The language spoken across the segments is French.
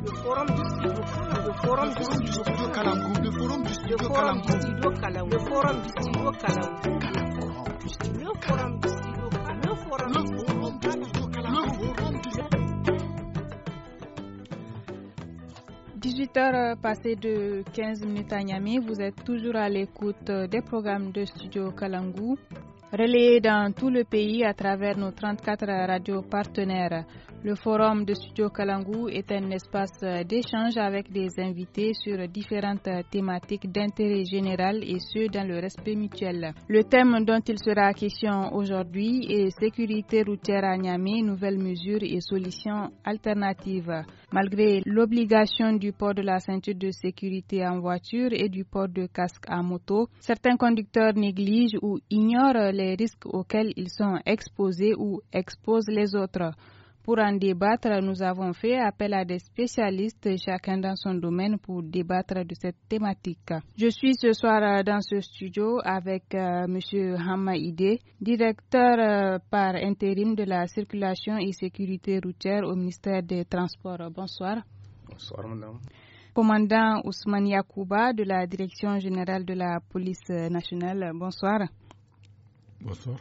18 heures passées de 15 minutes à Niamey, vous êtes toujours à l'écoute des programmes de Studio Kalangu, relayés dans tout le pays à travers nos 34 radios partenaires. Le forum de Studio Kalangu est un espace d'échange avec des invités sur différentes thématiques d'intérêt général et ceux dans le respect mutuel. Le thème dont il sera question aujourd'hui est sécurité routière à Niamey, nouvelles mesures et solutions alternatives. Malgré l'obligation du port de la ceinture de sécurité en voiture et du port de casque à moto, certains conducteurs négligent ou ignorent les risques auxquels ils sont exposés ou exposent les autres. Pour en débattre, nous avons fait appel à des spécialistes, chacun dans son domaine, pour débattre de cette thématique. Je suis ce soir euh, dans ce studio avec euh, Monsieur M. Hamaïde, directeur euh, par intérim de la circulation et sécurité routière au ministère des Transports. Bonsoir. Bonsoir, madame. Commandant Ousmane Yakouba de la Direction générale de la police nationale, bonsoir. Bonsoir.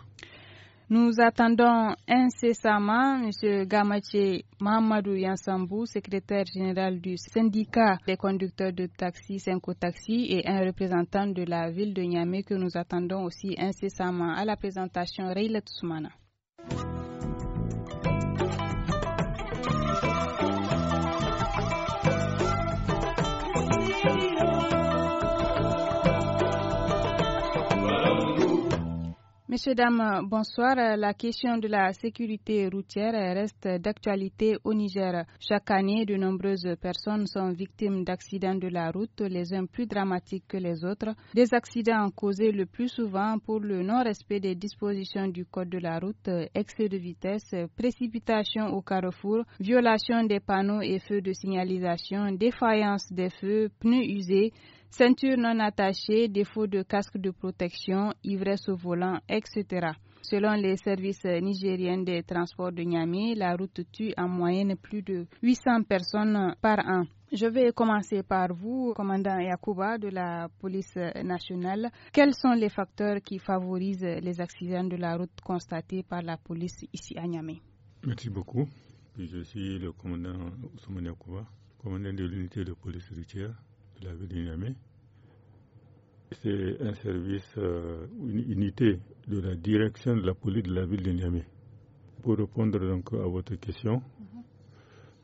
Nous attendons incessamment M. Gamache Mamadou Yansambou, secrétaire général du syndicat des conducteurs de taxi, Cinco Taxi, et un représentant de la ville de Niamey que nous attendons aussi incessamment à la présentation Soumana. Messieurs, dames, bonsoir. La question de la sécurité routière reste d'actualité au Niger. Chaque année, de nombreuses personnes sont victimes d'accidents de la route, les uns plus dramatiques que les autres. Des accidents causés le plus souvent pour le non-respect des dispositions du code de la route, excès de vitesse, précipitation au carrefour, violation des panneaux et feux de signalisation, défaillance des feux, pneus usés, ceinture non attachée, défaut de casque de protection, ivresse au volant, etc. Selon les services nigériens des transports de Niamey, la route tue en moyenne plus de 800 personnes par an. Je vais commencer par vous, commandant Yakuba de la police nationale. Quels sont les facteurs qui favorisent les accidents de la route constatés par la police ici à Niamey Merci beaucoup. Je suis le commandant Ousmane Yakouba, commandant de l'unité de police routière la ville de Niamey. C'est un service, euh, une unité de la direction de la police de la ville de Niamey. Pour répondre donc à votre question, mhm.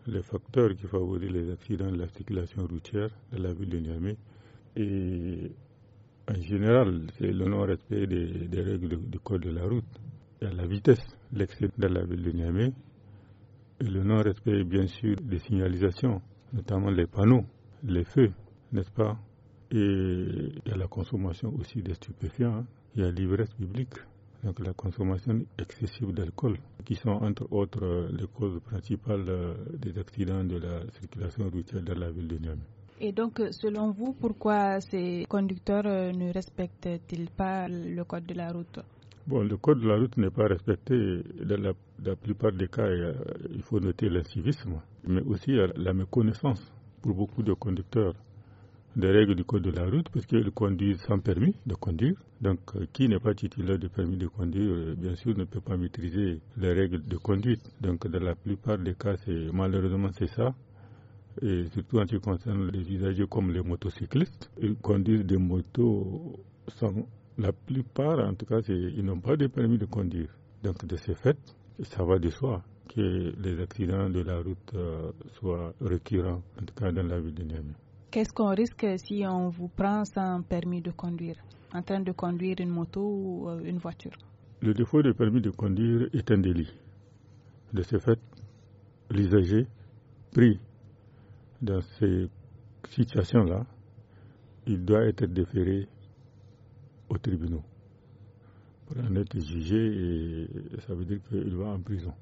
les facteurs qui favorisent les accidents de la circulation routière de la ville de Niamey et en général, c'est le non-respect des, règles du code de la route. la vitesse, l'excès de la ville de Niamey, et le non-respect bien sûr des signalisations, notamment les panneaux, les feux n'est-ce pas Et il y a la consommation aussi des stupéfiants, hein. il y a l'ivresse publique, donc la consommation excessive d'alcool, qui sont entre autres les causes principales euh, des accidents de la circulation routière dans la ville de Niamey. Et donc, euh, selon vous, pourquoi ces conducteurs euh, ne respectent-ils pas le code de la route Bon, le code de la route n'est pas respecté. Dans la, la, plupart des cas, il faut noter l'incivisme, mais aussi la méconnaissance pour beaucoup de conducteurs des règles du code de la route parce qu'ils conduisent sans permis de conduire. Donc, euh, qui n'est pas titulaire de permis de conduire, euh, bien sûr, ne peut pas maîtriser les règles de conduite. Donc, dans la plupart des cas, malheureusement, c'est ça. Et surtout en ce qui concerne les usagers comme les motocyclistes, ils conduisent des motos sans. La plupart, en tout cas, ils n'ont pas de permis de conduire. Donc, de ce fait, ça va de soi que les accidents de la route euh, soient récurrents, en tout cas dans la ville de Niamey. Qu'est-ce qu'on risque si on vous prend sans permis de conduire, en train de conduire une moto ou euh, une voiture Le défaut de permis de conduire est un délit. De ce fait, l'usager pris dans ces situations-là, il doit être déféré au tribunal pour en être jugé et ça veut dire qu'il va en prison.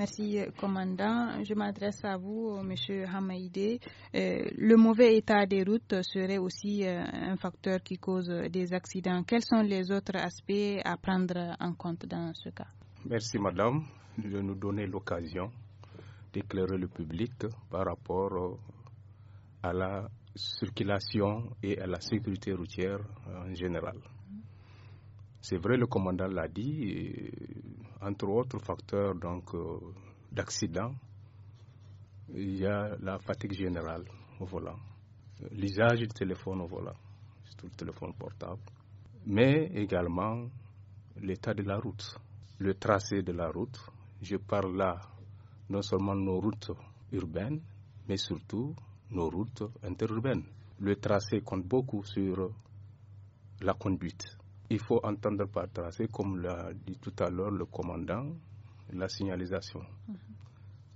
Merci, euh, commandant. Je m'adresse à vous, euh, monsieur Hamaïdé. Euh, le mauvais état des routes serait aussi un facteur qui cause des accidents. Quels sont les autres aspects à prendre en compte dans ce cas Merci, madame, de nous donner l'occasion d'éclairer le public par rapport à la circulation et à la sécurité routière en général. C'est vrai, le commandant l'a dit entre autres facteurs donc euh, d'accident, il y a la fatigue générale au volant, l'usage du téléphone au volant, surtout le téléphone portable, mais également l'état de la route, le tracé de la route. Je parle là non seulement nos routes urbaines, mais surtout nos routes interurbaines. Le tracé compte beaucoup sur la conduite il faut entendre par tracer, comme l'a dit tout à l'heure le commandant, la signalisation. Mhm.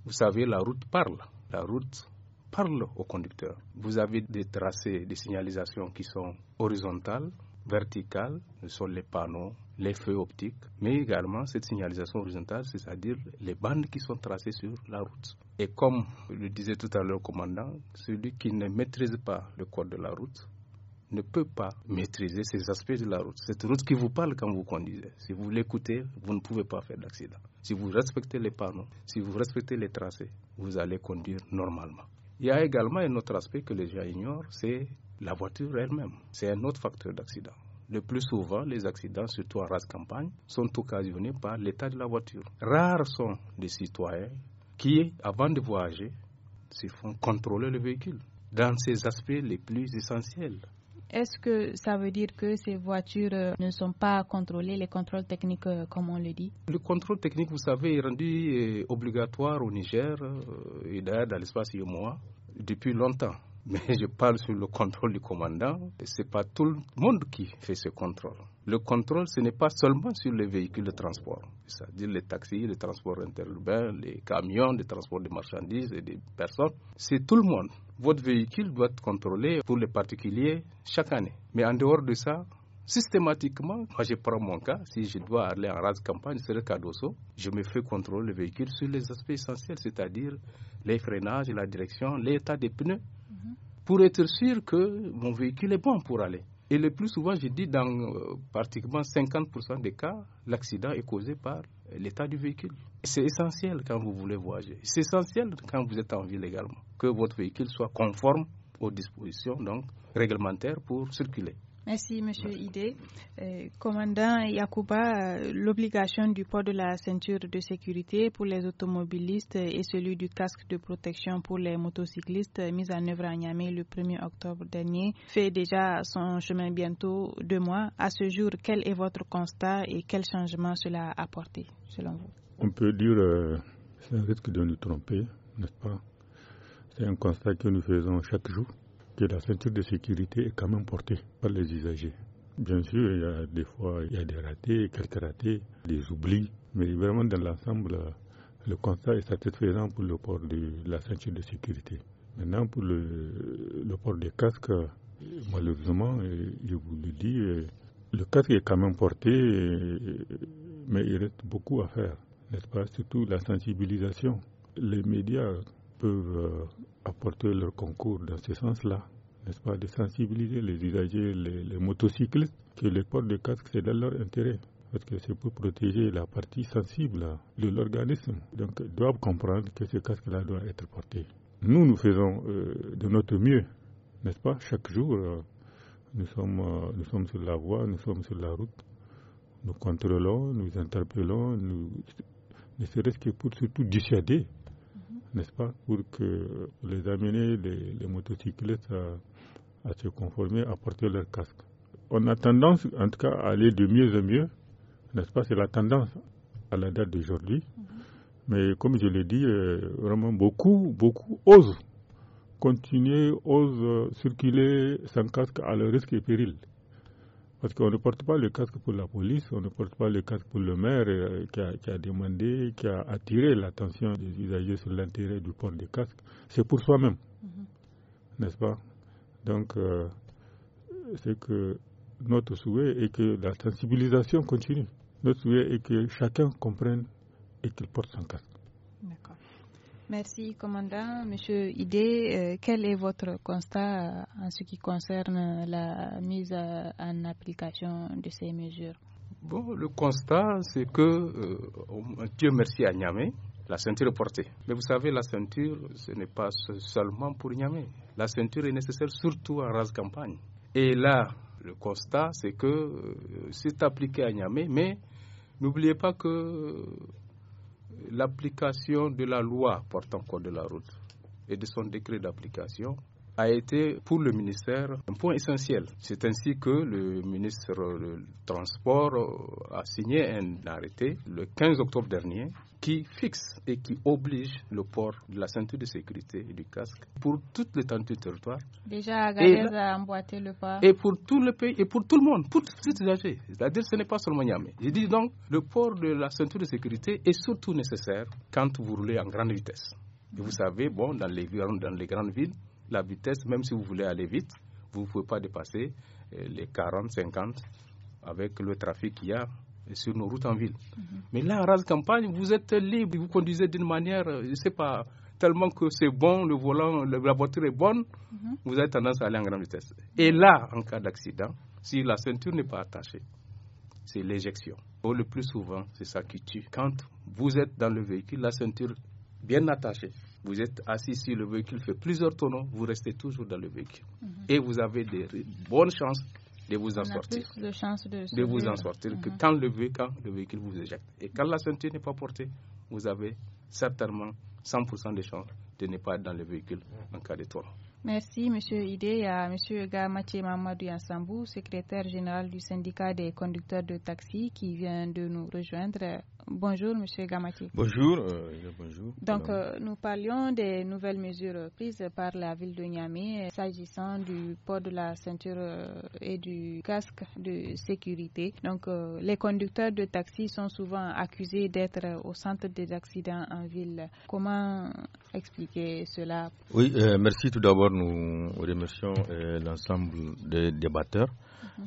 Vous savez, la route parle. La route parle au conducteur. Vous avez des tracés, des signalisations qui sont horizontales, verticales, ce sont les panneaux, les feux optiques, mais également cette signalisation horizontale, c'est-à-dire les bandes qui sont tracées sur la route. Et comme le disait tout à l'heure le commandant, celui qui ne maîtrise pas le code de la route ne peut pas maîtriser ces aspects de la route. Cette route qui vous parle quand vous conduisez, si vous l'écoutez, vous ne pouvez pas faire d'accident. Si vous respectez les panneaux, si vous respectez les tracés, vous allez conduire normalement. Il y a également un autre aspect que les gens ignorent, c'est la voiture elle-même. C'est un autre facteur d'accident. Le plus souvent, les accidents, surtout en race campagne, sont occasionnés par l'état de la voiture. Rares sont les citoyens qui, avant de voyager, se font contrôler le véhicule dans ces aspects les plus essentiels est-ce que ça veut dire que ces voitures euh, ne sont pas contrôlées, les contrôles techniques, euh, comme on le dit Le contrôle technique, vous savez, est rendu euh, obligatoire au Niger et d'ailleurs dans l'espace Yomoa depuis longtemps. Mais je parle sur le contrôle du commandant. Ce n'est pas tout le monde qui fait ce contrôle. Le contrôle, ce n'est pas seulement sur les véhicules de transport, c'est-à-dire les taxis, les transports interurbains, les camions, les transports de marchandises et des personnes. C'est tout le monde votre véhicule doit être contrôlé pour les particuliers chaque année. Mais en dehors de ça, systématiquement, moi je prends mon cas, si je dois aller en rase campagne, c'est le cas d'Osso, je me fais contrôler le véhicule sur les aspects essentiels, c'est-à-dire les freinages, la direction, l'état des pneus, pour être sûr que mon véhicule est bon pour aller. Et le plus souvent, je dis dans euh, pratiquement 50% des cas, l'accident est causé par l'état du véhicule. C'est essentiel quand vous voulez voyager. C'est essentiel quand vous êtes en ville également, que votre véhicule soit conforme aux dispositions donc, réglementaires pour circuler. Merci, Monsieur Idé. Euh, commandant Yakuba, euh, l'obligation du port de la ceinture de sécurité pour les automobilistes et celui du casque de protection pour les motocyclistes euh, mise en œuvre à Niamey le 1er octobre dernier fait déjà son chemin bientôt deux mois. À ce jour, quel est votre constat et quel changement cela a apporté, selon vous On peut dire, c'est un risque de nous tromper, n'est-ce pas C'est un constat que nous faisons chaque jour que la ceinture de sécurité est quand même portée par les usagers. Bien sûr, il y a des fois il y a des ratés, quelques ratés, des oublis, mais vraiment dans l'ensemble, le constat est satisfaisant pour le port de la ceinture de sécurité. Maintenant, pour le, le port des casques, malheureusement, je vous le dis, le casque est quand même porté, mais il reste beaucoup à faire, n'est-ce pas Surtout la sensibilisation. Les médias euh, apporter leur concours dans ce sens-là, n'est-ce pas, de sensibiliser les usagers, les, motocyclistes, que les portes de casque, c'est dans leur intérêt parce que c'est pour protéger la partie sensible de l'organisme. Donc, ils doivent comprendre que ce casque-là doit être porté. Nous, nous faisons euh, de notre mieux, n'est-ce pas Chaque jour, euh, nous, sommes, nous sommes sur la voie, nous sommes sur la route. Nous contrôlons, nous interpellons, nous, ne serait-ce que pour surtout dissuader n'est-ce pas, pour que les amener, les, motocyclettes à, se conformer, à porter leur casque. On a tendance, en tout cas, à aller de mieux en mieux, n'est-ce pas, c'est la tendance à la date d'aujourd'hui. Mm-hmm. Mais comme je l'ai dit, euh, vraiment beaucoup, beaucoup osent continuer, osent euh, circuler sans casque à leur risque et péril. Parce qu'on ne porte pas le casque pour la police, on ne porte pas le casque pour le maire euh, qui, a, demandé, qui a attiré l'attention des usagers sur l'intérêt du port de casque. C'est pour soi-même, mm-hmm. n'est-ce pas Donc, euh, c'est que notre souhait est que la sensibilisation continue. Notre souhait est que chacun comprenne et qu'il porte son casque. Merci, commandant. Monsieur Idé, euh, quel est votre constat en ce qui concerne la mise en application de ces mesures Bon, le constat, c'est que, euh, Dieu merci à Niamey, la ceinture est portée. Mais vous savez, la ceinture, ce n'est pas seulement pour Niamey. La ceinture est nécessaire surtout en race campagne. Et là, le constat, c'est que euh, c'est appliqué à Niamey, mais n'oubliez pas que l'application de la loi portant code de la route et de son décret d'application a été pour le ministère un point essentiel. C'est ainsi que le ministre du Transport a signé un arrêté le 15 octobre dernier qui fixe et qui oblige le port de la ceinture de sécurité et du casque pour toutes les l'étendue du territoire. Déjà, Agadez a emboîté le pas. Et pour tout le pays et pour tout le monde, pour les usagers. C'est-à-dire ce n'est pas seulement Niamey. Je dis donc, le port de la ceinture de sécurité est surtout nécessaire quand vous roulez en grande vitesse. vous savez, bon, dans les, dans les grandes villes, la vitesse, même si vous voulez aller vite, vous ne pouvez pas dépasser euh, les 40, 50 avec le trafic qu'il y a sur nos routes en ville. Mhm. Mais là, en race campagne, vous êtes libre, vous conduisez d'une manière, euh, je ne sais pas, tellement que c'est bon, le volant, la voiture est bonne, mhm. vous avez tendance à aller en grande vitesse. Et là, en cas d'accident, si la ceinture n'est pas attachée, c'est l'éjection. Le plus souvent, c'est ça qui tue. Quand vous êtes dans le véhicule, la ceinture bien attachée, vous êtes assis sur le véhicule, fait plusieurs tonneaux, vous restez toujours dans le véhicule. Mhm. Et vous avez de bonnes chances de vous en sortir. de, vous en sortir que uh-huh. quand le, véhicule vous éjecte. Et quand la ceinture n'est pas portée, vous avez certainement 100% de chance de ne pas être dans le véhicule en cas de tournant. Merci, M. Idé et à M. Gamache Mamadou Yansambou, secrétaire général du syndicat des conducteurs de taxi qui vient de nous rejoindre. Bonjour, M. Gamache. Euh, bonjour. Donc, euh, nous parlions des nouvelles mesures prises par la ville de Niamey s'agissant du port de la ceinture euh, et du casque de sécurité. Donc, les conducteurs de taxi sont souvent accusés d'être au centre des accidents en ville. Comment expliquer cela Oui, merci tout d'abord nous remercions euh, l'ensemble des débatteurs.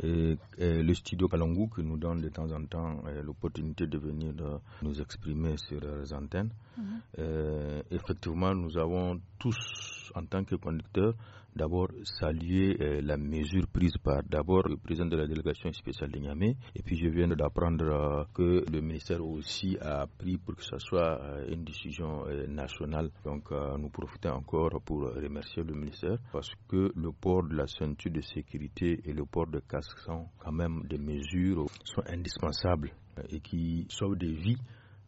Et, euh, euh, le studio Kalangu qui nous donne de temps en temps euh, l'opportunité de venir nous exprimer sur les antennes. Mhm. effectivement, nous avons tous, en tant que conducteurs, d'abord salué la mesure prise par d'abord le président de la délégation spéciale de Et puis je viens d'apprendre que le ministère aussi a pris pour que ce soit une décision nationale. Donc nous profitons encore pour remercier le ministère parce que le port de la ceinture de sécurité et le port de ce sont quand même des mesures qui sont indispensables euh, et qui sauvent des vies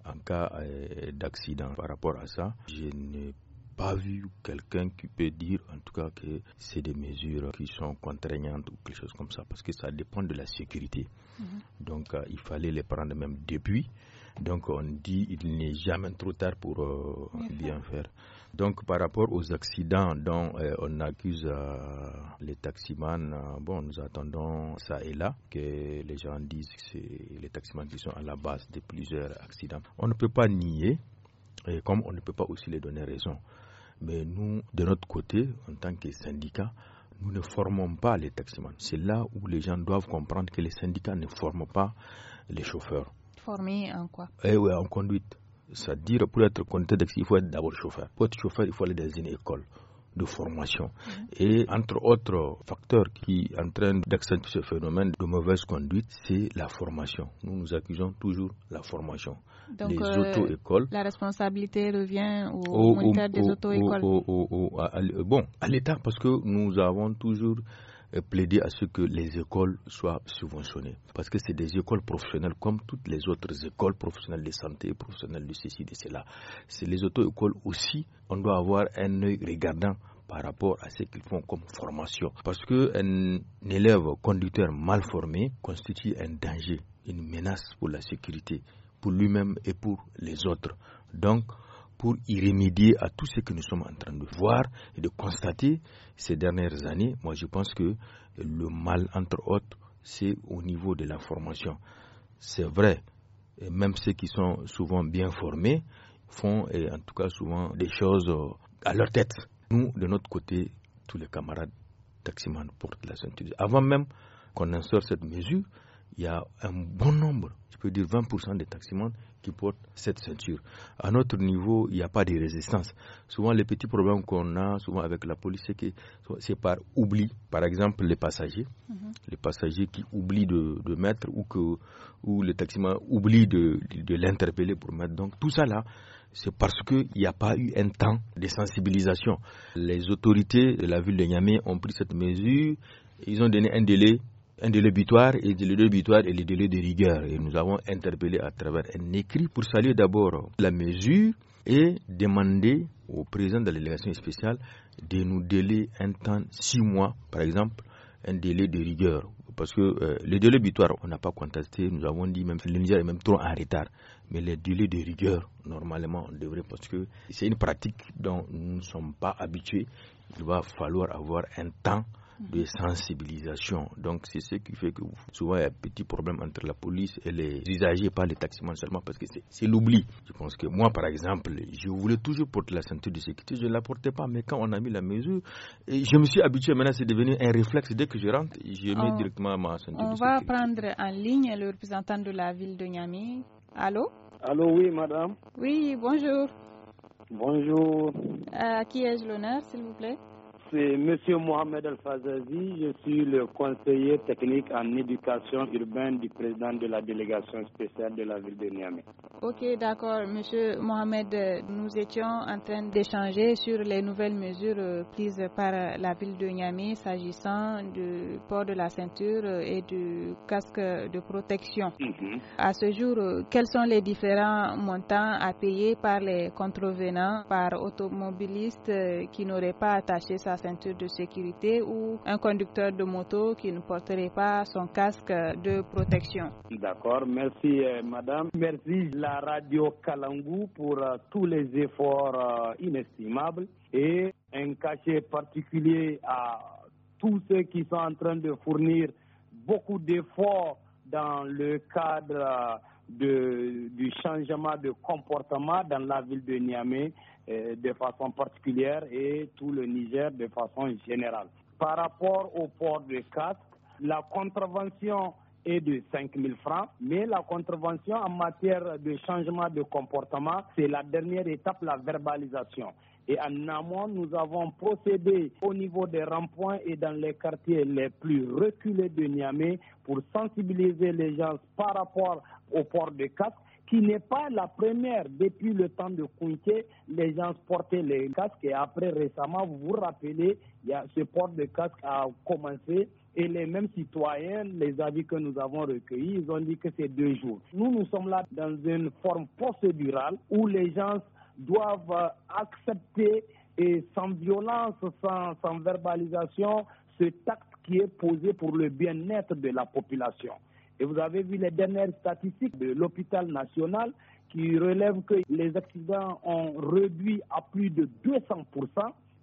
en cas euh, d'accident. Par rapport à ça, je n'ai pas vu quelqu'un qui peut dire en tout cas que c'est des mesures qui sont contraignantes ou quelque chose comme ça, parce que ça dépend de la sécurité. Mhm. Donc euh, il fallait les prendre même depuis. Donc on dit il n'est jamais trop tard pour bien faire. Donc par rapport aux accidents dont euh, on accuse euh, les taximans, euh, bon, nous attendons ça et là que les gens disent que c'est les taximans qui sont à la base de plusieurs accidents. On ne peut pas nier, et comme on ne peut pas aussi les donner raison. Mais nous, de notre côté, en tant que syndicat, nous ne formons pas les taximans. C'est là où les gens doivent comprendre que les syndicats ne forment pas les chauffeurs. Formés en quoi Eh oui, en conduite. C'est-à-dire, pour être conducteur il faut être d'abord chauffeur. Pour être chauffeur, il faut aller dans une école de formation. Mhm. Et entre autres facteurs qui entraînent d'accentuer ce phénomène de mauvaise conduite, c'est la formation. Nous nous accusons toujours la formation. Donc, les euh, auto-écoles. La responsabilité revient au, au, des auto-écoles. bon, à l'État, parce que nous avons toujours plaider à ce que les écoles soient subventionnées. Parce que c'est des écoles professionnelles comme toutes les autres écoles professionnelles de santé, professionnelles de ceci, de cela. C'est les auto-écoles aussi, on doit avoir un œil regardant par rapport à ce qu'ils font comme formation. Parce qu'un élève conducteur mal formé constitue un danger, une menace pour la sécurité, pour lui-même et pour les autres. Donc, pour y remédier à tout ce que nous sommes en train de voir et de constater ces dernières années. Moi, je pense que le mal, entre autres, c'est au niveau de la formation. C'est vrai, et même ceux qui sont souvent bien formés font, en tout cas souvent, des choses euh, à leur tête. Nous, de notre côté, tous les camarades taximans portent la ceinture. Avant même qu'on en sorte cette mesure, il y a un bon nombre, je peux dire 20% des taximans qui porte cette ceinture. À notre niveau, il n'y a pas de résistance. Souvent, les petits problèmes qu'on a souvent avec la police, c'est que c'est par oubli. Par exemple, les passagers, mhm. les passagers qui oublient de, mettre ou que ou le taximan oublie de, de l'interpeller pour mettre. Donc tout ça là, c'est parce qu'il n'y a pas eu un temps de sensibilisation. Les autorités de la ville de Niamey ont pris cette mesure. Ils ont donné un délai un délai butoir et le délai et le délai de rigueur. Et nous avons interpellé à travers un écrit pour saluer d'abord la mesure et demander au président de l'élection spéciale de nous délai un temps, six mois par exemple, un délai de rigueur. Parce que euh, le délai butoir, on n'a pas contesté, nous avons dit même le est même trop en retard. Mais le délai de rigueur, normalement, on devrait, parce que c'est une pratique dont nous ne sommes pas habitués. Il va falloir avoir un temps de sensibilisation. Donc c'est ce qui fait que souvent il y a un petit problème entre la police et les usagers, pas les taximans seulement, parce que c'est l'oubli. Je pense que moi, par exemple, je voulais toujours porter la ceinture de sécurité, je ne la portais pas, mais quand on a mis la mesure, je me suis habitué, maintenant c'est devenu un réflexe. Dès que je rentre, je mets directement ma ceinture de sécurité. On va prendre en ligne le représentant de la ville de Niamey. Allô Allô, oui, madame. Oui, bonjour. Bonjour. Euh, à qui ai-je l'honneur, s'il vous plaît c'est M. Mohamed Al-Fazazi. Je suis le conseiller technique en éducation urbaine du président de la délégation spéciale de la ville de Niamey. Ok, d'accord. Monsieur Mohamed, nous étions en train d'échanger sur les nouvelles mesures prises par la ville de Niamey s'agissant du port de la ceinture et du casque de protection. Mhm. À ce jour, quels sont les différents montants à payer par les contrevenants, par automobilistes qui n'auraient pas attaché sa ceinture de sécurité ou un conducteur de moto qui ne porterait pas son casque de protection. D'accord, merci euh, madame. Merci la radio Kalangou pour euh, tous les efforts euh, inestimables et un cachet particulier à tous ceux qui sont en train de fournir beaucoup d'efforts dans le cadre du changement de comportement dans la ville de Niamey. Euh, de façon particulière et tout le Niger de façon générale. Par rapport au port de casque, la contravention est de 5 000 francs, mais la contravention en matière de changement de comportement, c'est la dernière étape, la verbalisation. Et en amont, nous avons procédé au niveau des ronds-points et dans les quartiers les plus reculés de Niamey pour sensibiliser les gens par rapport au port de casque qui n'est pas la première depuis le temps de Kounke, les gens portaient les casques et après récemment, vous vous rappelez, il y a ce port de casque a commencé et les mêmes citoyens, les avis que nous avons recueillis, ils ont dit que c'est deux jours. Nous, nous sommes là dans une forme procédurale où les gens doivent euh, accepter et sans violence, sans, verbalisation, ce tact qui est posé pour le bien-être de la population. Et vous avez vu les dernières statistiques de l'hôpital national qui relèvent que les accidents ont réduit à plus de 200%.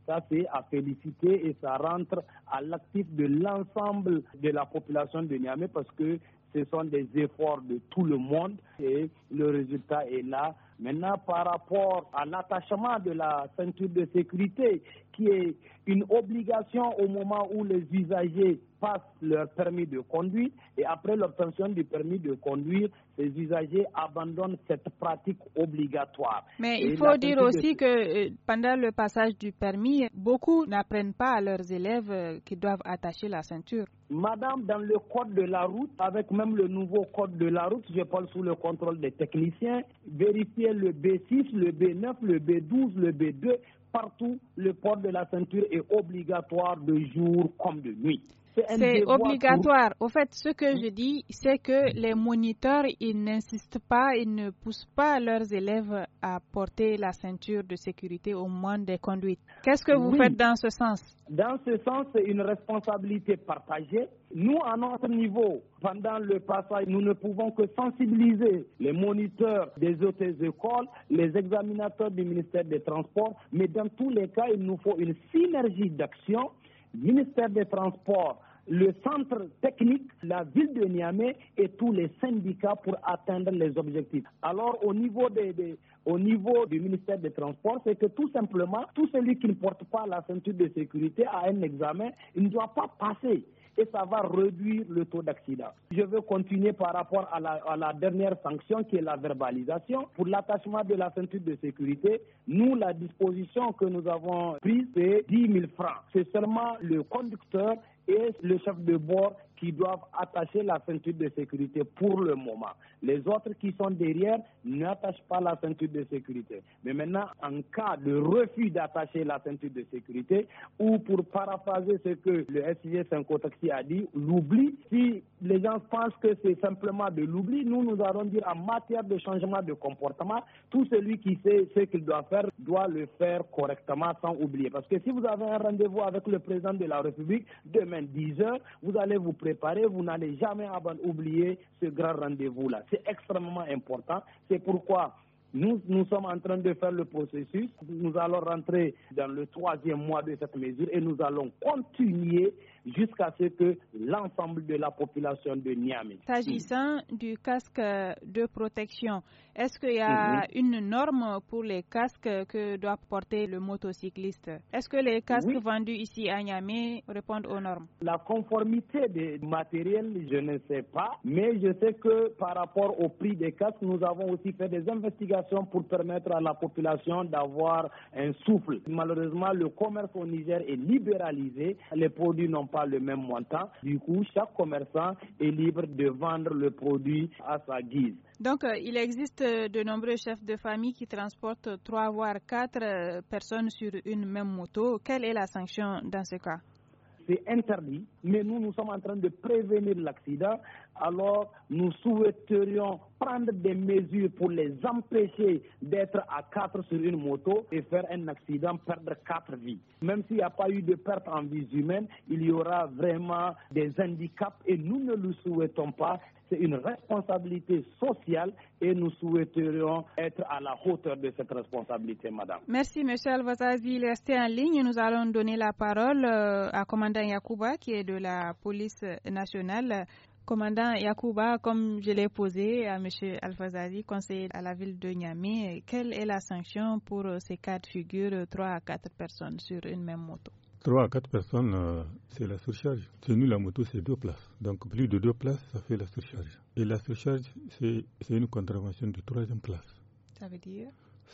Ça, c'est à féliciter et ça rentre à l'actif de l'ensemble de la population de Niamey parce que ce sont des efforts de tout le monde et le résultat est là. Maintenant, par rapport à l'attachement de la ceinture de sécurité, qui est une obligation au moment où les usagers passent leur permis de conduire et après l'obtention du permis de conduire, les usagers abandonnent cette pratique obligatoire. Mais il faut dire aussi que euh, pendant le passage du permis, beaucoup n'apprennent pas à leurs élèves euh, qui doivent attacher la ceinture. Madame, dans le code de la route, avec même le nouveau code de la route, je parle sous le contrôle des techniciens, vérifiez le B6, le B9, le B12, le B2, partout, le port de la ceinture est obligatoire de jour comme de nuit. C'est obligatoire. Au fait, ce que je dis, c'est que les moniteurs, ils n'insistent pas, ils ne poussent pas leurs élèves à porter la ceinture de sécurité au moins des conduites. Qu'est-ce que vous faites dans ce sens Dans ce sens, c'est une responsabilité partagée. Nous, à notre niveau, pendant le passage, nous ne pouvons que sensibiliser les moniteurs des autres écoles, les examinateurs du ministère des Transports, mais dans tous les cas, il nous faut une synergie d'action ministère des Transports, le centre technique, la ville de Niamey et tous les syndicats pour atteindre les objectifs. Alors au niveau, des, au niveau du ministère des Transports, c'est que tout simplement, tout celui qui ne porte pas la ceinture de sécurité à un examen, il ne doit pas passer et ça va réduire le taux d'accident. Je veux continuer par rapport à la, à la, dernière sanction qui est la verbalisation. Pour l'attachement de la ceinture de sécurité, nous, la disposition que nous avons prise, c'est 10 000 francs. C'est seulement le conducteur et le chef de bord qui doivent attacher la ceinture de sécurité pour le moment. Les autres qui sont derrière n'attachent pas la ceinture de sécurité. Mais maintenant, en cas de refus d'attacher la ceinture de sécurité, ou pour paraphraser ce que le SIG Taxi a dit, l'oubli, si les gens pensent que c'est simplement de l'oubli, nous, nous allons dire en matière de changement de comportement, tout celui qui sait ce qu'il doit faire doit le faire correctement sans oublier. Parce que si vous avez un rendez-vous avec le président de la République demain 10 h vous allez vous présenter vous n'allez jamais oublier ce grand rendez-vous-là. C'est extrêmement important. C'est pourquoi nous sommes en train de faire le processus. Nous allons rentrer dans le troisième mois de cette mesure et nous allons continuer jusqu'à ce que l'ensemble de la population de Niamey. S'agissant du casque de protection, est-ce qu'il y a mhm. une norme pour les casques que doit porter le motocycliste Est-ce que les casques vendus ici à Niamey répondent aux normes La conformité des matériels, je ne sais pas, mais je sais que par rapport au prix des casques, nous avons aussi fait des investigations pour permettre à la population d'avoir un souffle. Malheureusement, le commerce au Niger est libéralisé, les produits n'ont pas le même montant. Du coup, chaque commerçant est libre de vendre le produit à sa guise. Donc, euh, il existe euh, de nombreux chefs de famille qui transportent trois voire quatre euh, personnes sur une même moto. Quelle est la sanction dans ce cas c'est interdit, mais nous, nous sommes en train de prévenir l'accident. Alors, nous souhaiterions prendre des mesures pour les empêcher d'être à quatre sur une moto et faire un accident, perdre quatre vies. Même s'il n'y a pas eu de perte en vie humaine, il y aura vraiment des handicaps et nous ne le souhaitons pas. C'est une responsabilité sociale et nous souhaiterions être à la hauteur de cette responsabilité, madame. Merci, Monsieur est Restez en ligne. Nous allons donner la parole euh, à commandant Yakuba, qui est de la police nationale. Commandant Yakuba, comme je l'ai posé à M. alfazazi conseiller à la ville de Niamey, quelle est la sanction pour euh, ces quatre figures, euh, trois à quatre personnes sur une même moto 3 à 4 personnes, euh, c'est la surcharge. Chez nous, la moto, c'est deux places. Donc, plus de deux places, ça fait la surcharge. Et la surcharge, c'est une contravention de troisième place. Ça veut dire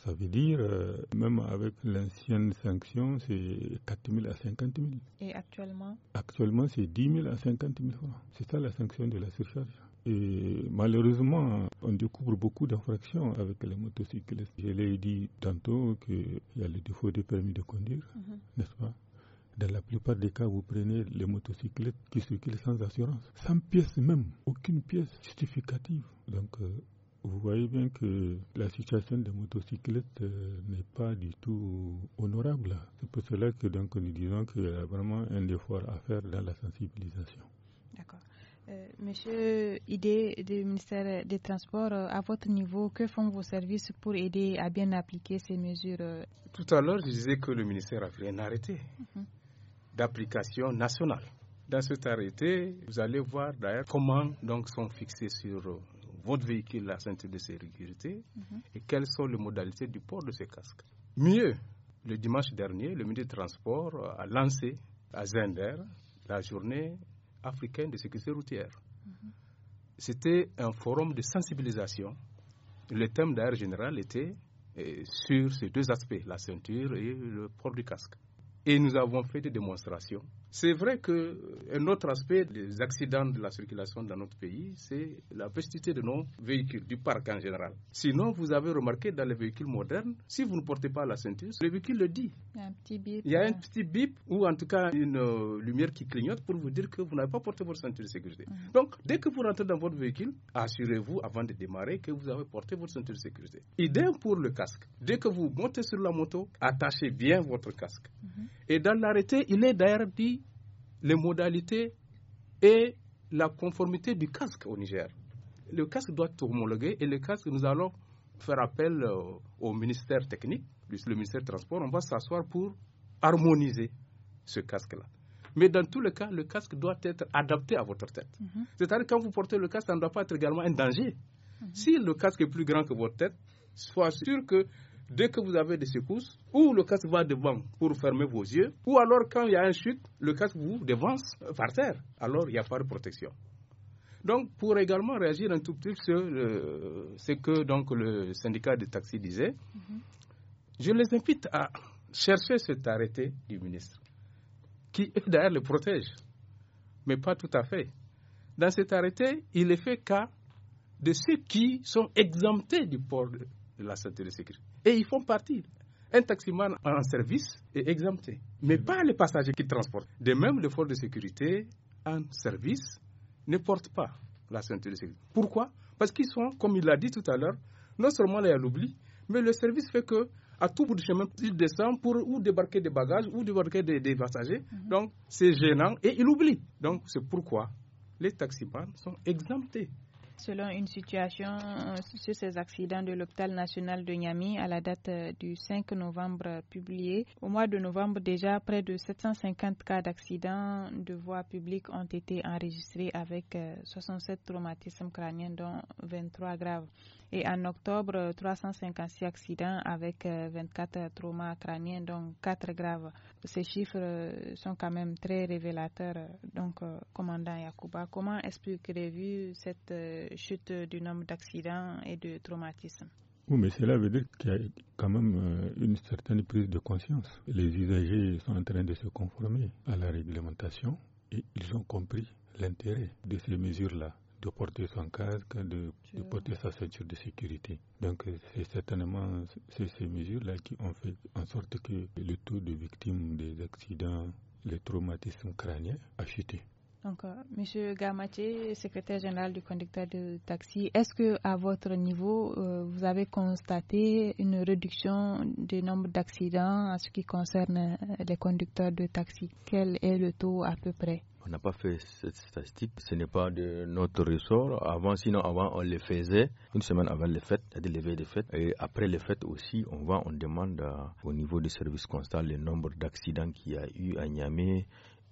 Ça veut dire, euh, même avec l'ancienne sanction, c'est 4 000 à 50 000. Et actuellement Actuellement, c'est 10 000 à 50 000 francs. C'est ça la sanction de la surcharge. Et malheureusement, on découvre beaucoup d'infractions avec les motocyclistes. Je l'ai dit tantôt qu'il y a le défaut de permis de conduire, mhm. n'est-ce pas dans la plupart des cas, vous prenez les motocyclettes qui circulent sans assurance, sans pièce même, aucune pièce justificative. Donc, euh, vous voyez bien que la situation des motocyclettes euh, n'est pas du tout honorable. C'est pour cela que nous disons qu'il y a vraiment un effort à faire dans la sensibilisation. D'accord. Euh, monsieur idée du ministère des Transports, à votre niveau, que font vos services pour aider à bien appliquer ces mesures Tout à l'heure, je disais que le ministère a fait un arrêté. Mhm d'application nationale. Dans cet arrêté, vous allez voir d'ailleurs comment donc sont fixés sur euh, votre véhicule la ceinture de sécurité mhm. et quelles sont les modalités du port de ces casques Mieux, le dimanche dernier, le ministre des Transports euh, a lancé à Zender la journée africaine de sécurité routière. Mhm. C'était un forum de sensibilisation. Le thème d'ailleurs général était euh, sur ces deux aspects, la ceinture et le port du casque. Et nous avons fait des démonstrations c'est vrai qu'un euh, autre aspect des accidents de la circulation dans notre pays, c'est la petitité de nos véhicules, du parc en général. Sinon, vous avez remarqué dans les véhicules modernes, si vous ne portez pas la ceinture, le véhicule le dit. Il y a un petit bip. Il y a un petit bip ou en tout cas une euh, lumière qui clignote pour vous dire que vous n'avez pas porté votre ceinture de sécurité. Mm. Donc, dès que vous rentrez dans votre véhicule, assurez-vous avant de démarrer que vous avez porté votre ceinture de sécurité. Idem pour le casque. Dès que vous montez sur la moto, attachez bien votre casque. Mm-hmm. Et dans l'arrêté, il est d'ailleurs dit les modalités et la conformité du casque au Niger. Le casque doit être homologué et le casque, nous allons faire appel euh, au ministère technique, le ministère des Transports, on va s'asseoir pour harmoniser ce casque-là. Mais dans tous les cas, le casque doit être adapté à votre tête. Mhm. C'est-à-dire quand vous portez le casque, ça ne doit pas être également un danger. Mhm. Si le casque est plus grand que votre tête, sois sûr que dès que vous avez des secousses, ou le casque va devant pour fermer vos yeux, ou alors quand il y a un chute, le casque vous devance par terre. Alors il n'y a pas de protection. Donc, pour également réagir un tout petit peu sur euh, ce que donc, le syndicat des taxis disait, mhm. je les invite à chercher cet arrêté du ministre, qui d'ailleurs le protège, mais pas tout à fait. Dans cet arrêté, il est fait cas de ceux qui sont exemptés du port de, la ceinture de sécurité. Et ils font partie. Un taximan en service est exempté, mais mm-hmm. pas les passagers qui transportent. De même, le fort de sécurité en service ne portent pas la ceinture de sécurité. Pourquoi Parce qu'ils sont, comme il l'a dit tout à l'heure, non seulement il y l'oubli, mais le service fait que à tout bout du chemin, ils descendent pour ou débarquer des bagages ou débarquer des, passagers. Mm-hmm. Donc, c'est gênant et il oublie. Donc, c'est pourquoi les taximans sont exemptés selon une situation euh, sur ces accidents de l'hôpital national de Niami, à la date euh, du 5 novembre publiée. Au mois de novembre, déjà près de 750 cas d'accidents de voie publique ont été enregistrés avec 67 euh, traumatismes crâniens dont 23 graves. Et en octobre, 356 accidents avec 24 euh, euh, traumas crâniens, donc 4 graves. Ces chiffres euh, sont quand même très révélateurs. Donc, commandant Yakuba, comment que vous cette chute du nombre d'accidents et de traumatismes oui, mais cela veut dire qu'il y a quand même une certaine prise de conscience. Les usagers sont en train de se conformer à la réglementation et ils ont compris l'intérêt de ces mesures-là de porter son casque, de, porter sa ceinture de sécurité. Donc c'est certainement ces mesures-là qui ont fait en sorte que le taux de victimes des accidents, les traumatismes crâniens a chuté. Donc, Monsieur Gamache, secrétaire général du conducteur de taxi, est-ce que à votre niveau, euh, vous avez constaté une réduction du nombre d'accidents en ce qui concerne euh, les conducteurs de taxi Quel est le taux à peu près on n'a pas fait cette statistique, ce n'est pas de notre ressort. Avant, sinon avant, on les faisait une semaine avant les fêtes, à des fêtes. Et après les fêtes aussi, on va, on demande euh, au niveau du service constat le nombre d'accidents qu'il y a eu à Niamey,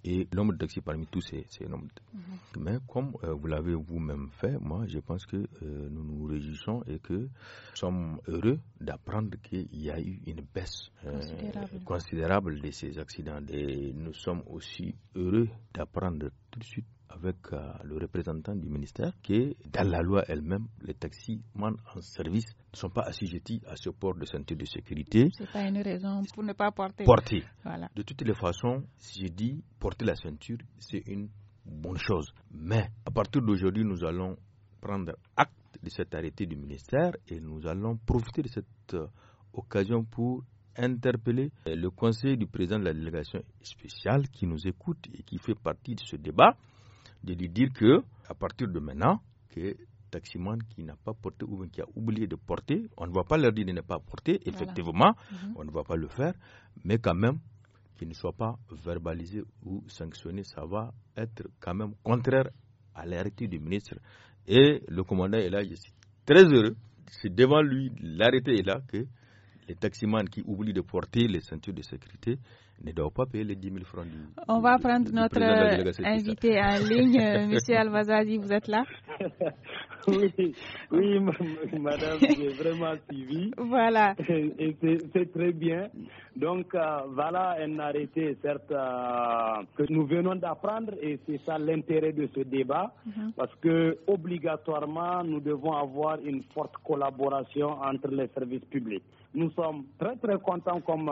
et nombre d'accès parmi tous ces, ces nombres. Mhm. Mais comme euh, vous l'avez vous-même fait, moi je pense que euh, nous nous réjouissons et que nous sommes heureux d'apprendre qu'il y a eu une baisse euh, considérable. considérable. de ces accidents. Et nous sommes aussi heureux d'apprendre tout de suite avec euh, le représentant du ministère que dans la loi elle-même, les taximans en service ne sont pas assujettis à ce port de ceinture de sécurité. c'est pas une raison pour ne pas porter. Porter. Voilà. De toutes les façons, si je dis porter la ceinture, c'est une bonne chose. Mais à partir d'aujourd'hui, nous allons prendre acte de cet arrêté du ministère et nous allons profiter de cette euh, occasion pour interpeller le conseil du président de la délégation spéciale qui nous écoute et qui fait partie de ce débat, de lui dire que à partir de maintenant, que taximan qui n'a pas porté ou qui a oublié de porter, on ne va pas leur dire de ne pas porter, effectivement, mhm. on ne va pas le faire, mais quand même, qu'il ne soit pas verbalisé ou sanctionné, ça va être quand même contraire à l'arrêté du ministre. Et le commandant est là, je suis très heureux, c'est devant lui, l'arrêté est là, que les taximans qui oublient de porter les ceintures de sécurité, ne doit pas payer les 10 000 francs On va prendre notre euh, invité en ligne. Euh, Monsieur Alvazazi, vous êtes là Oui, oui madame, j'ai vraiment suivi. Voilà. Et c'est très bien. Donc, euh, voilà un arrêté, certes, que nous venons d'apprendre et c'est ça l'intérêt de ce débat. Mhm. Parce que, obligatoirement, nous devons avoir une forte collaboration entre les services publics nous sommes très très contents comme.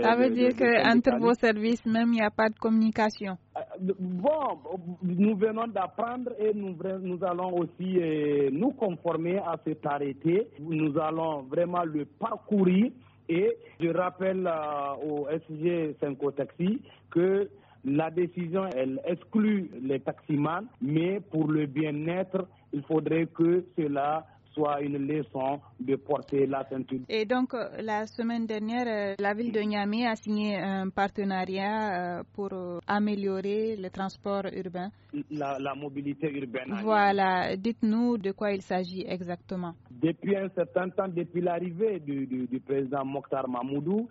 ça veut dire qu'en entre vos services même, il n'y a pas de communication. Euh, bon, nous venons d'apprendre et nous, allons aussi euh, nous conformer à cet arrêté. Nous allons vraiment le parcourir et je rappelle euh, au SG 5 Taxi que la décision, elle exclut les taximans, mais pour le bien-être, il faudrait que cela soit une leçon de porter la ceinture. Et donc, euh, la semaine dernière, euh, la ville de Niamey a signé un partenariat euh, pour améliorer le transport urbain. La, mobilité urbaine. Voilà, dites-nous de quoi il s'agit exactement. Depuis un certain temps, depuis l'arrivée du, président Mokhtar Mahmoudou,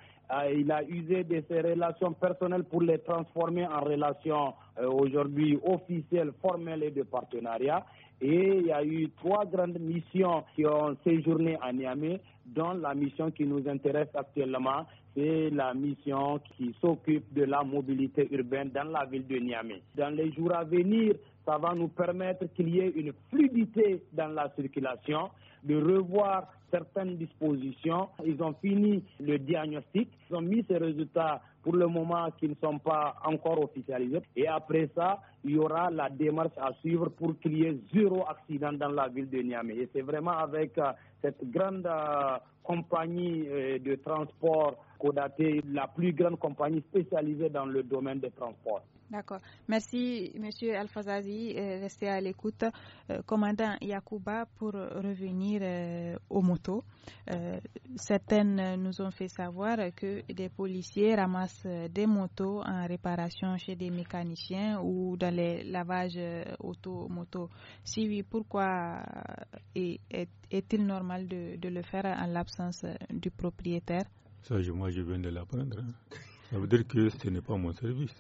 il a usé de ses relations personnelles pour les transformer en relations aujourd'hui officielles, formelles et de partenariat. Et il y a eu trois grandes missions qui ont séjourné à Niamey, dont la mission qui nous intéresse actuellement, c'est la mission qui s'occupe de la mobilité urbaine dans la ville de Niamey. Dans les jours à venir, ça va nous permettre qu'il y ait une fluidité dans la circulation, de revoir certaines dispositions. Ils ont fini le diagnostic, ils ont mis ces résultats pour le moment qui ne sont pas encore officialisés. Et après ça, il y aura la démarche à suivre pour qu'il y ait zéro accident dans la ville de Niamey. Et c'est vraiment avec euh, cette grande euh, compagnie euh, de transport Kodate, la plus grande compagnie spécialisée dans le domaine des transports. D'accord. Merci, Monsieur Alfazazi. Euh, restez à l'écoute. Euh, commandant Yakuba, pour revenir euh, aux motos, certaines nous ont fait savoir que des policiers ramassent des motos en réparation chez des mécaniciens ou dans les lavages auto-moto. Si oui, pourquoi est-il normal de, le faire en l'absence du propriétaire Ça, moi, je viens de l'apprendre. Hein. Ça veut dire que ce n'est pas mon service.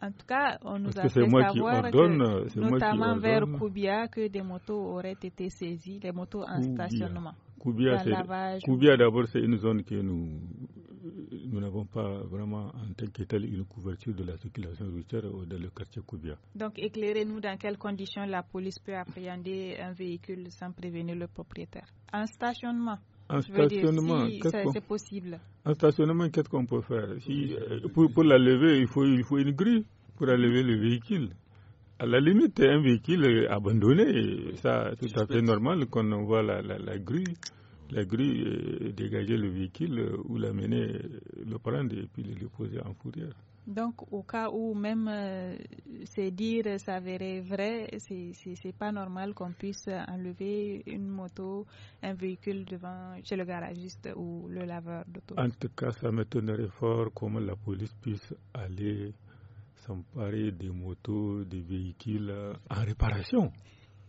En tout cas, on nous a fait savoir que, euh, notamment vers Koubia, que des motos auraient été saisies, des motos en stationnement. Koubia, d'abord, c'est une zone que euh, nous n'avons pas vraiment en tant que telle une couverture de la circulation routière dans le quartier Koubia. Donc éclairez-nous dans quelles conditions la police peut appréhender un véhicule sans prévenir le propriétaire. En stationnement un stationnement, possible. Un stationnement, qu'est-ce qu'on peut faire si, euh, pour, pour, la lever, il faut, il faut une grue pour lever le véhicule. À la limite, un véhicule abandonné, ça, tout à fait normal qu'on envoie la, la, la, grue, la grue euh, dégager le véhicule euh, ou l'amener, le prendre et puis le déposer en fourrière. Donc, au cas où même ces euh, dires euh, s'avéraient vrais, n'est pas normal qu'on puisse enlever une moto, un véhicule devant chez le garagiste ou le laveur d'auto. En tout cas, ça me donnerait fort comment la police puisse aller s'emparer des motos, des véhicules euh, en réparation.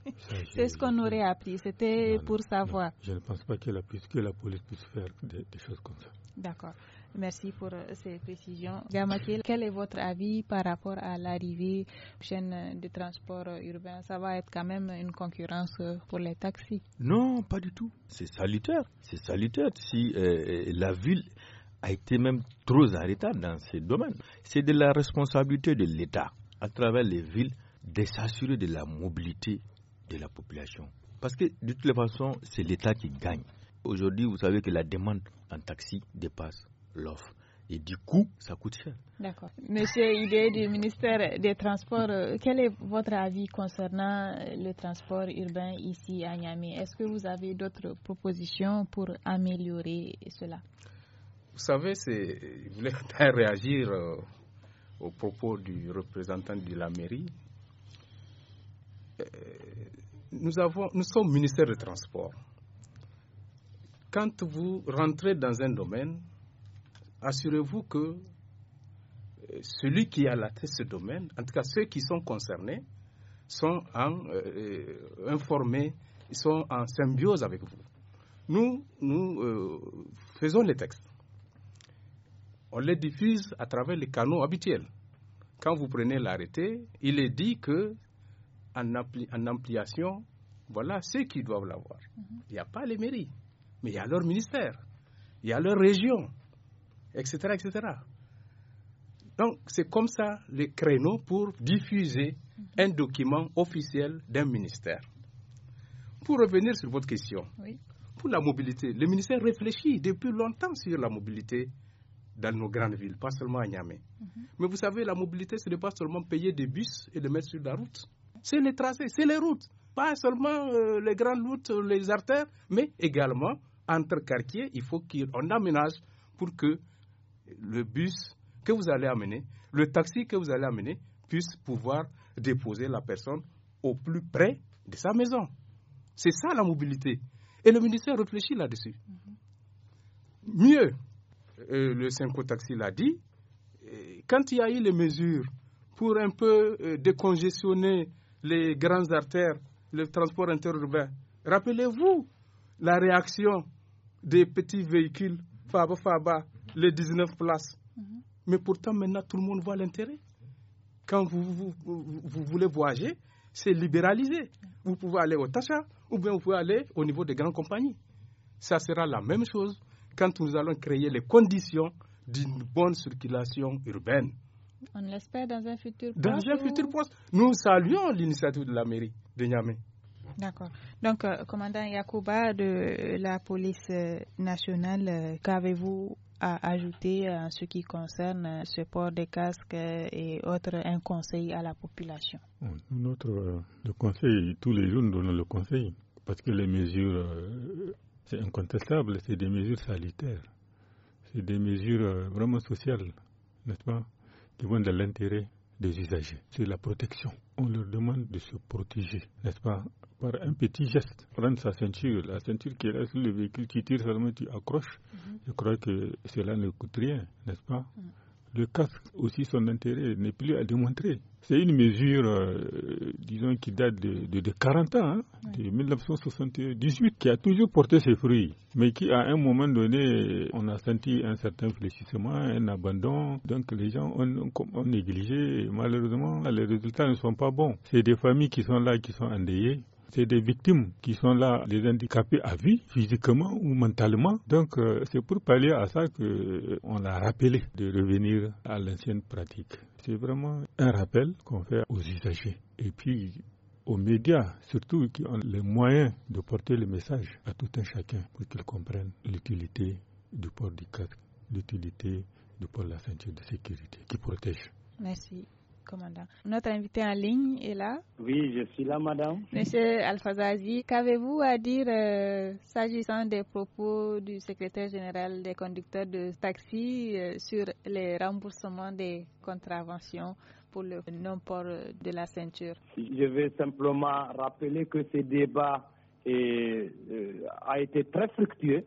C'est ce qu'on aurait appris. C'était pour savoir. je ne pense pas que la, que la police puisse faire des choses comme ça. D'accord. Merci pour euh, ces précisions. Gamakil, quel est votre avis par rapport à l'arrivée chaîne de transport euh, urbain Ça va être quand même une concurrence euh, pour les taxis Non, pas du tout. C'est salutaire. C'est salutaire si la ville a été même trop en retard dans ce domaine. C'est de la responsabilité de l'État, à travers les villes, de s'assurer de la mobilité de la population. Parce que de toutes les façons, c'est l'État qui gagne. Aujourd'hui, vous savez que la demande en taxi dépasse l'offre. Et du coup, ça coûte cher. D'accord. Monsieur est du ministère des Transports, euh, quel est votre avis concernant le transport urbain ici à Niamey Est-ce que vous avez d'autres propositions pour améliorer cela Vous savez, je voulais réagir euh, au propos du représentant de la mairie. Euh, nous, avons, nous sommes ministère des Transports. Quand vous rentrez dans un domaine, assurez-vous que euh, celui qui a la tête ce domaine, en tout cas ceux qui sont concernés, sont en, euh, euh, ils sont en symbiose avec vous. Nous, nous faisons les textes. On les diffuse à travers les canaux habituels. Quand vous prenez l'arrêté, il est dit que en, ampliation, voilà ceux qui doivent l'avoir. Mm-hmm. Il n'y a pas les mairies, mais il y a leur ministère, il y a leur région, etc. etc. Donc, c'est comme ça les créneaux pour diffuser mm-hmm. un document officiel d'un ministère. Pour revenir sur votre question, pour la mobilité, le ministère réfléchit depuis longtemps sur la mobilité dans nos grandes villes, pas seulement à Niamey. Mm-hmm. Mais vous savez, la mobilité, ce n'est pas seulement payer des bus et les mettre sur la route. C'est les tracés, c'est les routes. Pas seulement euh, les grandes routes, les artères, mais également entre quartiers, il faut qu'on aménage pour que le bus que vous allez amener, le taxi que vous allez amener, puisse pouvoir déposer la personne au plus près de sa maison. C'est ça la mobilité. Et le ministère réfléchit là-dessus. Mhm. Mieux, euh, le Cinco Taxi l'a dit, euh, quand il y a eu les mesures pour un peu euh, décongestionner les grandes artères, le transport interurbain, rappelez-vous la réaction des petits véhicules Faba Faba les 19 places. Mhm. Mais pourtant, maintenant, tout le monde voit l'intérêt. Quand vous, vous, voulez voyager, c'est libéralisé. Vous pouvez aller au Tacha ou bien vous pouvez aller au niveau des grandes compagnies. Ça sera la même chose quand nous allons créer les conditions d'une bonne circulation urbaine. On l'espère dans un futur proche. Dans un futur proche. Nous saluons l'initiative de la mairie de Niamey. D'accord. Donc, euh, commandant Yacouba de la police euh, nationale, euh, qu'avez-vous à ajouter en ce qui concerne euh, ce port des casques euh, et autres un conseil à la population Notre euh, le conseil, tous les jours nous donnons le conseil parce que les mesures, c'est incontestable, c'est des mesures sanitaires, c'est des mesures vraiment sociales, n'est-ce pas, qui vont dans l'intérêt des usagers, c'est la protection. On leur demande de se protéger, n'est-ce pas Par un petit geste, prendre sa ceinture, la ceinture qui reste le véhicule, qui tire seulement, tu accroches. Mhm. Je crois que cela ne coûte rien, n'est-ce pas mhm. Le casque aussi, son intérêt n'est plus à démontrer. C'est une mesure, euh, disons, qui date de, de 40 ans. Hein de 1978 qui a toujours porté ses fruits, mais qui à un moment donné, on a senti un certain fléchissement, un abandon. Donc les gens ont, négligé. malheureusement, les résultats ne sont pas bons. C'est des familles qui sont là, qui sont endeuillées. C'est des victimes qui sont là, les handicapés à vie, physiquement ou mentalement. Donc, euh, c'est pour pallier à ça qu'on euh, on a rappelé de revenir à l'ancienne pratique. C'est vraiment un rappel qu'on fait aux usagers. Et puis, aux médias, surtout qui ont les moyens de porter le message à tout un chacun pour qu'ils comprennent l'utilité du port du casque, l'utilité du port de la ceinture de sécurité qui protège. Merci. Commandant. Notre invité en ligne est là. Oui, je suis là, madame. Monsieur Alfazazi, qu'avez-vous à dire euh, s'agissant des propos du secrétaire général des conducteurs de taxi euh, sur les remboursements des contraventions le non-port euh, de la ceinture Je vais simplement rappeler que ce débat euh, a été très fructueux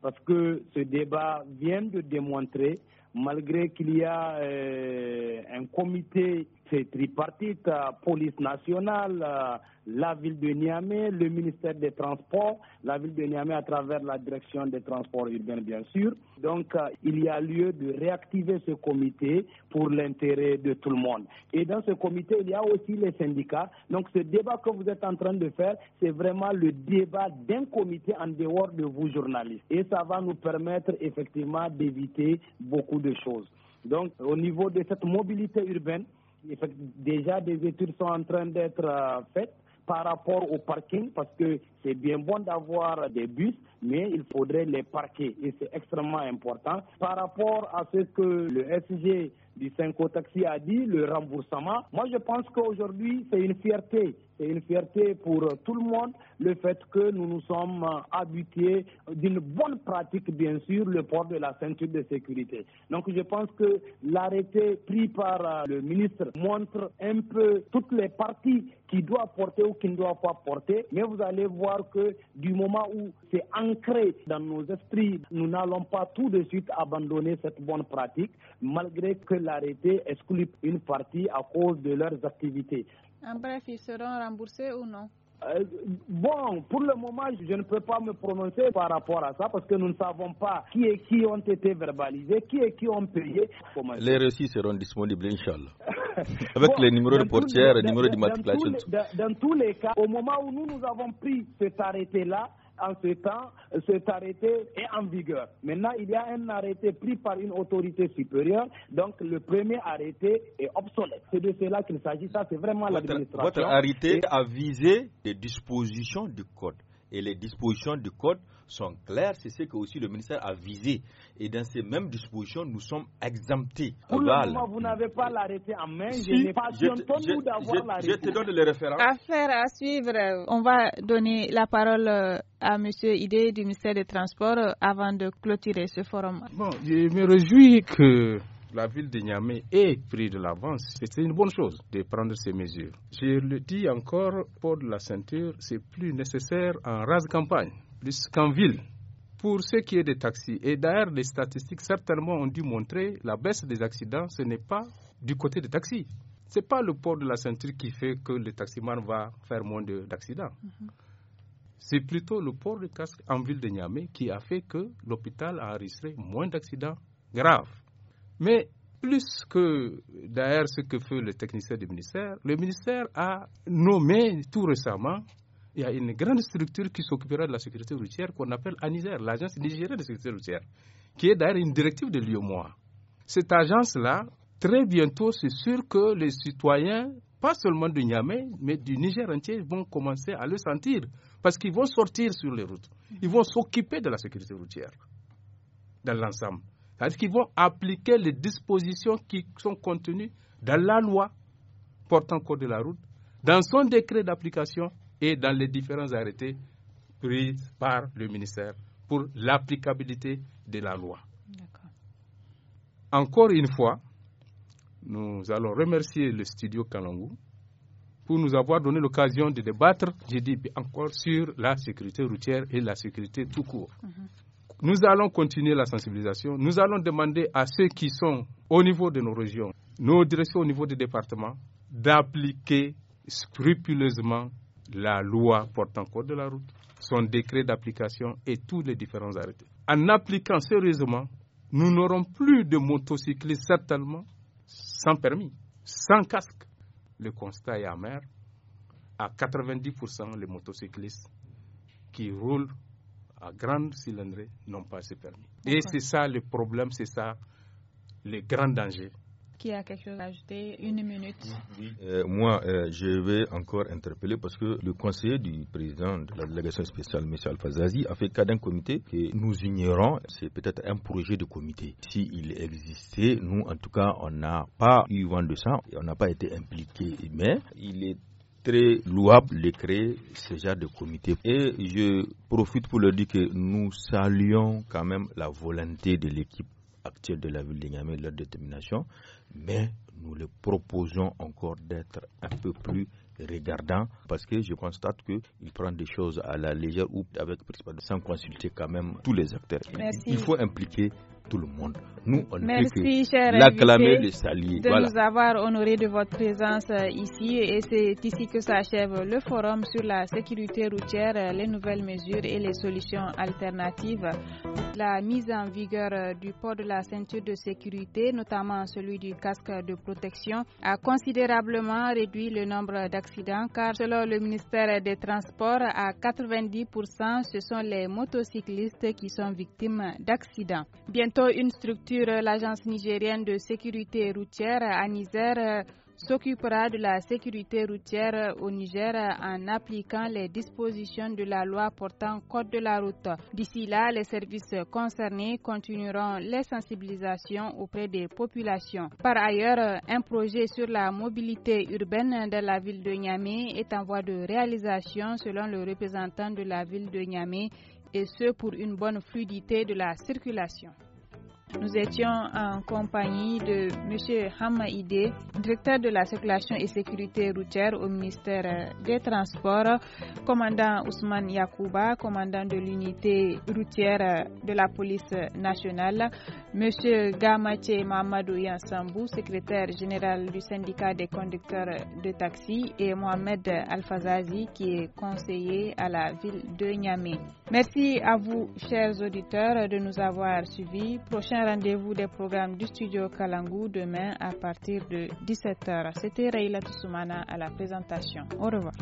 parce que ce débat vient de démontrer, malgré qu'il y a euh, un comité c'est tripartite, euh, police nationale, euh, la ville de Niamey, le ministère des Transports, la ville de Niamey à travers la direction des transports urbains, bien sûr. Donc, euh, il y a lieu de réactiver ce comité pour l'intérêt de tout le monde. Et dans ce comité, il y a aussi les syndicats. Donc, ce débat que vous êtes en train de faire, c'est vraiment le débat d'un comité en dehors de vous, journalistes. Et ça va nous permettre effectivement d'éviter beaucoup de choses. Donc, au niveau de cette mobilité urbaine, déjà des études sont en train d'être euh, faites par rapport au parking, parce que c'est bien bon d'avoir des bus, mais il faudrait les parquer, et c'est extrêmement important. Par rapport à ce que le SG du taxi a dit, le remboursement. Moi, je pense qu'aujourd'hui, c'est une fierté. C'est une fierté pour tout le monde, le fait que nous nous sommes habitués d'une bonne pratique, bien sûr, le port de la ceinture de sécurité. Donc, je pense que l'arrêté pris par euh, le ministre montre un peu toutes les parties qui doivent porter ou qui ne doivent pas porter. Mais vous allez voir que du moment où c'est ancré dans nos esprits, nous n'allons pas tout de suite abandonner cette bonne pratique, malgré que l'arrêté exclut une partie à cause de leurs activités. En bref, ils seront remboursés ou non euh, bon, pour le moment, je ne peux pas me prononcer par rapport à ça parce que nous ne savons pas qui et qui ont été verbalisés, qui et qui ont payé. Les récits seront disponibles, Inch'Allah. Avec les numéros de portière, les, numéros d'immatriculation. matriculation. dans, tous les cas, au moment où nous avons pris cet arrêté-là, en ce temps, cet euh, arrêté est en vigueur. Maintenant, il y a un arrêté pris par une autorité supérieure, donc le premier arrêté est obsolète. C'est de cela qu'il s'agit, ça c'est vraiment l'administration. Votre arrêté a visé des dispositions du code. Et les dispositions du code sont clairs, c'est ce que aussi le ministère a visé. Et dans ces mêmes dispositions, nous sommes exemptés. Pour le moment, vous n'avez pas l'arrêté en main. Si, je, je, d'avoir l'arrêté. je te donne les références. Affaire à suivre. On va donner la parole euh, à M. Idé du ministère des Transports euh, avant de clôturer ce forum. Bon, je me réjouis que la ville de Niamey ait pris de l'avance. C'est une bonne chose de prendre ces mesures. Je le dis encore, pour la ceinture, c'est plus nécessaire en rase campagne plus qu'en ville. Pour ce qui est des taxis, et d'ailleurs les statistiques certainement ont dû montrer la baisse des accidents, ce n'est pas du côté des taxis. Ce n'est pas le port de la ceinture qui fait que le taximan va faire moins d'accidents. Mm-hmm. C'est plutôt le port du casque en ville de Niamey qui a fait que l'hôpital a enregistré moins d'accidents graves. Mais plus que d'ailleurs ce que fait le technicien du ministère, le ministère a nommé tout récemment il y a une grande structure qui s'occupera de la sécurité routière qu'on appelle ANISER, l'Agence nigérienne de sécurité routière, qui est d'ailleurs une directive de l'IOMOA. Cette agence-là, très bientôt, c'est sûr que les citoyens, pas seulement de Niamey, mais du Niger entier, vont commencer à le sentir parce qu'ils vont sortir sur les routes. Ils vont s'occuper de la sécurité routière dans l'ensemble. C'est-à-dire qu'ils vont appliquer les dispositions qui sont contenues dans la loi portant code de la route, dans son décret d'application et dans les différents arrêtés pris par le ministère pour l'applicabilité de la loi. Encore une fois, nous allons remercier le studio Kalangou pour nous avoir donné l'occasion de débattre, j'ai dit encore sur la sécurité routière et la sécurité tout court. Mhm. Nous allons continuer la sensibilisation. Nous allons demander à ceux qui sont au niveau de nos régions, nos directions au niveau des départements, d'appliquer scrupuleusement la loi portant code de la route, son décret d'application et tous les différents arrêtés. En appliquant sérieusement, nous n'aurons plus de motocyclistes certainement sans permis, sans casque. Le constat est amer. À 90%, les motocyclistes qui roulent à grande cylindrée n'ont pas ce permis. Et c'est ça le problème, c'est ça le grand danger qui a quelque chose à ajouter. Une minute. Euh, moi, euh, je vais encore interpeller parce que le conseiller du président de la délégation spéciale, M. Alfazazi, a fait cas d'un comité que nous ignorons. C'est peut-être un projet de comité. S'il existait, nous, en tout cas, on n'a pas eu vent de ça. On n'a pas été impliqué. Mais il est très louable de créer ce genre de comité. Et je profite pour le dire que nous saluons quand même la volonté de l'équipe actuelle de la ville de leur détermination mais nous le proposons encore d'être un peu plus regardant parce que je constate qu'il prend des choses à la légère ou avec sans consulter quand même tous les acteurs. Il faut impliquer tout le monde. Nous, on Merci, cher l'acclamer, De nous avoir honoré de votre présence euh, ici. Et c'est ici que s'achève le forum sur la sécurité routière, euh, les nouvelles mesures et les solutions alternatives. La mise en vigueur euh, du port de la ceinture de sécurité, notamment celui du casque de protection, a considérablement réduit le nombre d'accidents car, selon le ministère des Transports, à 90%, ce sont les motocyclistes qui sont victimes d'accidents. Bien une structure, l'Agence nigérienne de sécurité routière, à Niger euh, s'occupera de la sécurité routière au Niger en appliquant les dispositions de la loi portant code de la route. D'ici là, les services concernés continueront les sensibilisations auprès des populations. Par ailleurs, un projet sur la mobilité urbaine de la ville de Niamey est en voie de réalisation selon le représentant de la ville de Niamey et ce pour une bonne fluidité de la circulation. Nous étions en compagnie de M. Hamma directeur de la circulation et sécurité routière au ministère euh, des Transports, commandant Ousmane Yakouba, commandant de l'unité routière euh, de la police nationale, M. Gamache Mamadou Yansambou, secrétaire général du syndicat des conducteurs de taxi, et Mohamed Alfazazi, qui est conseiller à la ville de Niamey. Merci à vous, chers auditeurs, de nous avoir suivis. Prochain rendez-vous des programmes du studio Kalangu demain à partir de 17h. C'était Rayla Toussoumana à la présentation. Au revoir.